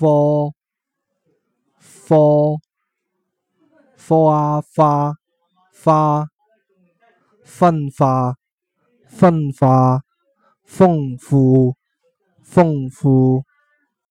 科科花花花分化分化豐富豐富。